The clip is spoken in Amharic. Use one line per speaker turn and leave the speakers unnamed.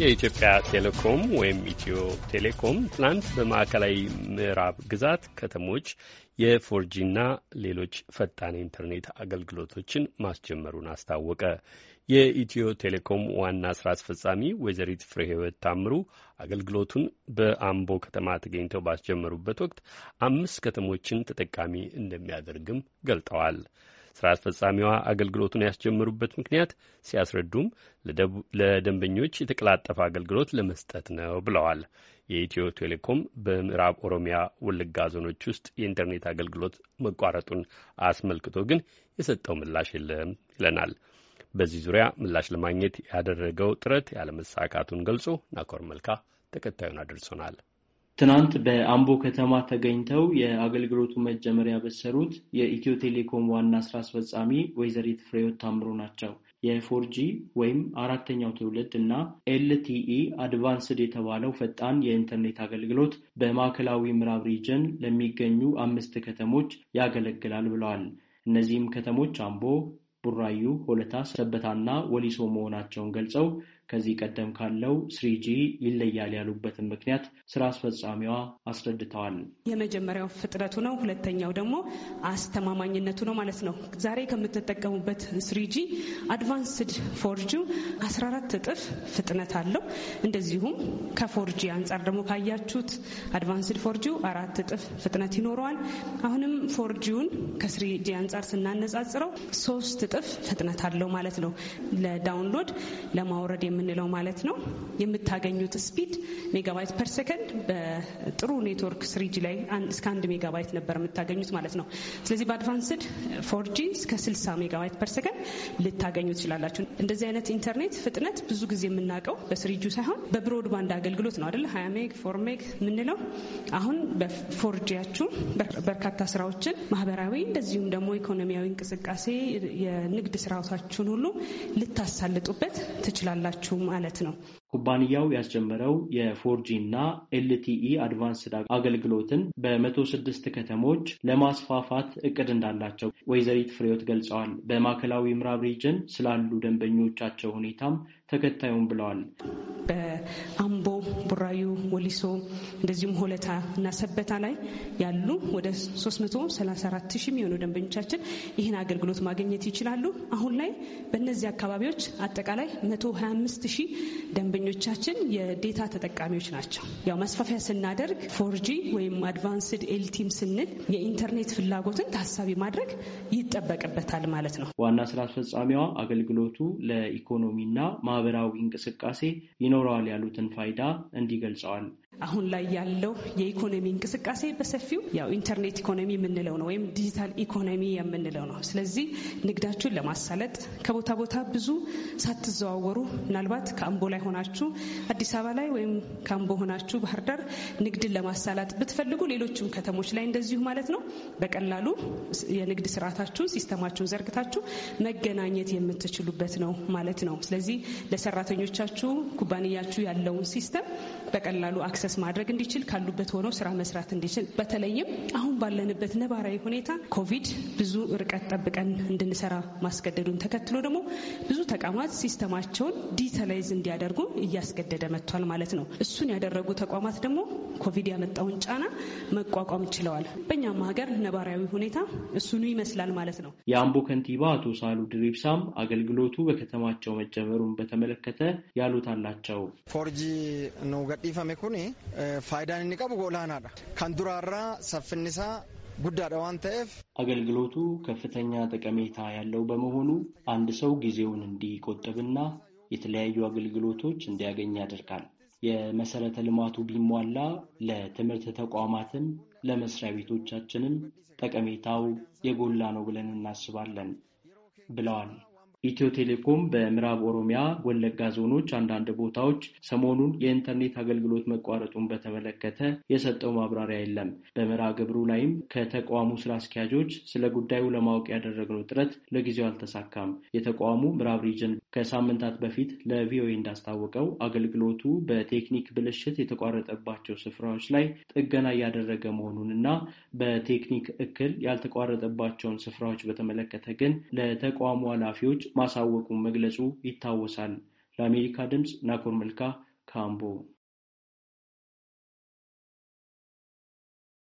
የኢትዮጵያ ቴሌኮም ወይም ኢትዮ ቴሌኮም ትናንት በማዕከላዊ ምዕራብ ግዛት ከተሞች የፎርጂና ሌሎች ፈጣን ኢንተርኔት አገልግሎቶችን ማስጀመሩን አስታወቀ። የኢትዮ ቴሌኮም ዋና ስራ አስፈጻሚ ወይዘሪት ፍሬህይወት ታምሩ አገልግሎቱን በአምቦ ከተማ ተገኝተው ባስጀመሩበት ወቅት አምስት ከተሞችን ተጠቃሚ እንደሚያደርግም ገልጠዋል። ስራ አስፈጻሚዋ አገልግሎቱን ያስጀምሩበት ምክንያት ሲያስረዱም ለደንበኞች የተቀላጠፈ አገልግሎት ለመስጠት ነው ብለዋል። የኢትዮ ቴሌኮም በምዕራብ ኦሮሚያ ወለጋ ዞኖች ውስጥ የኢንተርኔት አገልግሎት መቋረጡን አስመልክቶ ግን የሰጠው ምላሽ የለም ይለናል። በዚህ ዙሪያ ምላሽ ለማግኘት ያደረገው ጥረት ያለመሳካቱን ገልጾ ናኮር መልካ ተከታዩን አድርሶናል።
ትናንት በአምቦ ከተማ ተገኝተው የአገልግሎቱ መጀመር ያበሰሩት የኢትዮ ቴሌኮም ዋና ስራ አስፈጻሚ ወይዘሪት ፍሬሕይወት ታምሩ ናቸው። የፎርጂ ወይም አራተኛው ትውልድ እና ኤልቲኢ አድቫንስድ የተባለው ፈጣን የኢንተርኔት አገልግሎት በማዕከላዊ ምዕራብ ሪጅን ለሚገኙ አምስት ከተሞች ያገለግላል ብለዋል። እነዚህም ከተሞች አምቦ፣ ቡራዩ፣ ሆለታ፣ ሰበታና ወሊሶ መሆናቸውን ገልጸው ከዚህ ቀደም ካለው ስሪጂ ይለያል ያሉበትን ምክንያት ስራ አስፈጻሚዋ አስረድተዋል።
የመጀመሪያው ፍጥነቱ ነው። ሁለተኛው ደግሞ አስተማማኝነቱ ነው ማለት ነው። ዛሬ ከምትጠቀሙበት ስሪጂ አድቫንስድ ፎርጂ 14 እጥፍ ፍጥነት አለው። እንደዚሁም ከፎርጂ አንጻር ደግሞ ካያችሁት አድቫንስድ ፎርጂ አራት እጥፍ ፍጥነት ይኖረዋል። አሁንም ፎርጂውን ከስሪጂ አንጻር ስናነጻጽረው ሶስት እጥፍ ፍጥነት አለው ማለት ነው። ለዳውንሎድ ለማውረድ የምንለው ማለት ነው። የምታገኙት ስፒድ ሜጋባይት ፐር ሰከንድ በጥሩ ኔትወርክ ስሪጂ ላይ እስከ አንድ ሜጋባይት ነበር የምታገኙት ማለት ነው። ስለዚህ በአድቫንስድ ፎርጂ እስከ 60 ሜጋባይት ፐር ሰከንድ ልታገኙ ትችላላችሁ። እንደዚህ አይነት ኢንተርኔት ፍጥነት ብዙ ጊዜ የምናውቀው በስሪጁ ሳይሆን በብሮድባንድ አገልግሎት ነው አደለ? ሀያ ሜግ ፎር ሜግ የምንለው አሁን በፎርጂያችሁ በርካታ ስራዎችን ማህበራዊ፣ እንደዚሁም ደግሞ ኢኮኖሚያዊ እንቅስቃሴ የንግድ ስራዎታችሁን ሁሉ ልታሳልጡበት ትችላላችሁ ማለት ነው።
ኩባንያው ያስጀመረው የፎርጂ እና ኤልቲኢ አድቫንስድ አገልግሎትን በመቶ ስድስት ከተሞች ለማስፋፋት እቅድ እንዳላቸው ወይዘሪት ፍሬዎት ገልጸዋል። በማዕከላዊ ምዕራብ ሪጅን ስላሉ ደንበኞቻቸው ሁኔታም ተከታዩም ብለዋል።
በአምቦ፣ ቡራዩ፣ ወሊሶ እንደዚሁም ሆለታ እና ሰበታ ላይ ያሉ ወደ 334 ሺህ የሚሆኑ ደንበኞቻችን ይህን አገልግሎት ማግኘት ይችላሉ። አሁን ላይ በእነዚህ አካባቢዎች አጠቃላይ 125 ሺህ ደንበኞቻችን የዴታ ተጠቃሚዎች ናቸው። ያው ማስፋፊያ ስናደርግ ፎርጂ ወይም አድቫንስድ ኤልቲም ስንል የኢንተርኔት ፍላጎትን ታሳቢ ማድረግ ይጠበቅበታል
ማለት ነው። ዋና ስራ አስፈጻሚዋ አገልግሎቱ ለኢኮኖሚና ማህበራዊ እንቅስቃሴ ይኖ ይኖረዋል ያሉትን ፋይዳ እንዲህ ገልጸዋል
አሁን ላይ ያለው የኢኮኖሚ እንቅስቃሴ በሰፊው ያው ኢንተርኔት ኢኮኖሚ የምንለው ነው ወይም ዲጂታል ኢኮኖሚ የምንለው ነው። ስለዚህ ንግዳችሁን ለማሳለጥ ከቦታ ቦታ ብዙ ሳትዘዋወሩ ምናልባት ከአምቦ ላይ ሆናችሁ አዲስ አበባ ላይ ወይም ከአምቦ ሆናችሁ ባህር ዳር ንግድን ለማሳላጥ ብትፈልጉ ሌሎችም ከተሞች ላይ እንደዚሁ ማለት ነው በቀላሉ የንግድ ስርዓታችሁን ሲስተማችሁን ዘርግታችሁ መገናኘት የምትችሉበት ነው ማለት ነው። ስለዚህ ለሰራተኞቻችሁ ኩባንያችሁ ያለውን ሲስተም በቀላሉ አክሰ አክሰስ ማድረግ እንዲችል ካሉበት ሆነው ስራ መስራት እንዲችል በተለይም አሁን ባለንበት ነባራዊ ሁኔታ ኮቪድ ብዙ ርቀት ጠብቀን እንድንሰራ ማስገደዱን ተከትሎ ደግሞ ብዙ ተቋማት ሲስተማቸውን ዲጂታላይዝ እንዲያደርጉ እያስገደደ መጥቷል ማለት ነው። እሱን ያደረጉ ተቋማት ደግሞ ኮቪድ ያመጣውን ጫና መቋቋም ችለዋል። በእኛም ሀገር ነባራዊ ሁኔታ እሱኑ ይመስላል ማለት ነው።
የአምቦ ከንቲባ አቶ ሳሉ ድሪብሳም አገልግሎቱ በከተማቸው መጀመሩን በተመለከተ ያሉት አላቸው። ፎርጂ ነው ገዲፈሜ Eh, faayidaan inni qabu olaanaadha. Kan duraarraa saffinnisaa guddaadha waan ta'eef አገልግሎቱ ከፍተኛ ጠቀሜታ ያለው በመሆኑ አንድ ሰው ጊዜውን እንዲቆጥብና የተለያዩ አገልግሎቶች እንዲያገኝ ያደርጋል። የመሰረተ ልማቱ ቢሟላ ለትምህርት ተቋማትም ለመስሪያ ቤቶቻችንም ጠቀሜታው የጎላ ነው ብለን እናስባለን ብለዋል ኢትዮ ቴሌኮም በምዕራብ ኦሮሚያ ወለጋ ዞኖች አንዳንድ ቦታዎች ሰሞኑን የኢንተርኔት አገልግሎት መቋረጡን በተመለከተ የሰጠው ማብራሪያ የለም። በመርሃ ግብሩ ላይም ከተቋሙ ስራ አስኪያጆች ስለ ጉዳዩ ለማወቅ ያደረግነው ጥረት ለጊዜው አልተሳካም። የተቋሙ ምዕራብ ሪጅን ከሳምንታት በፊት ለቪኦኤ እንዳስታወቀው አገልግሎቱ በቴክኒክ ብልሽት የተቋረጠባቸው ስፍራዎች ላይ ጥገና እያደረገ መሆኑንና በቴክኒክ እክል ያልተቋረጠባቸውን ስፍራዎች በተመለከተ ግን ለተቋሙ ኃላፊዎች ማሳወቁን መግለጹ ይታወሳል። ለአሜሪካ ድምፅ ናኮር መልካ ካምቦ